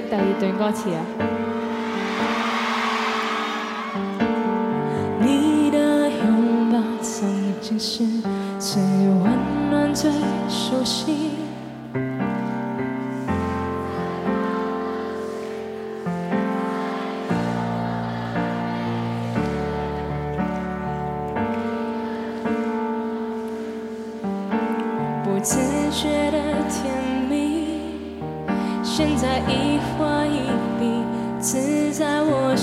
第二段歌詞啊！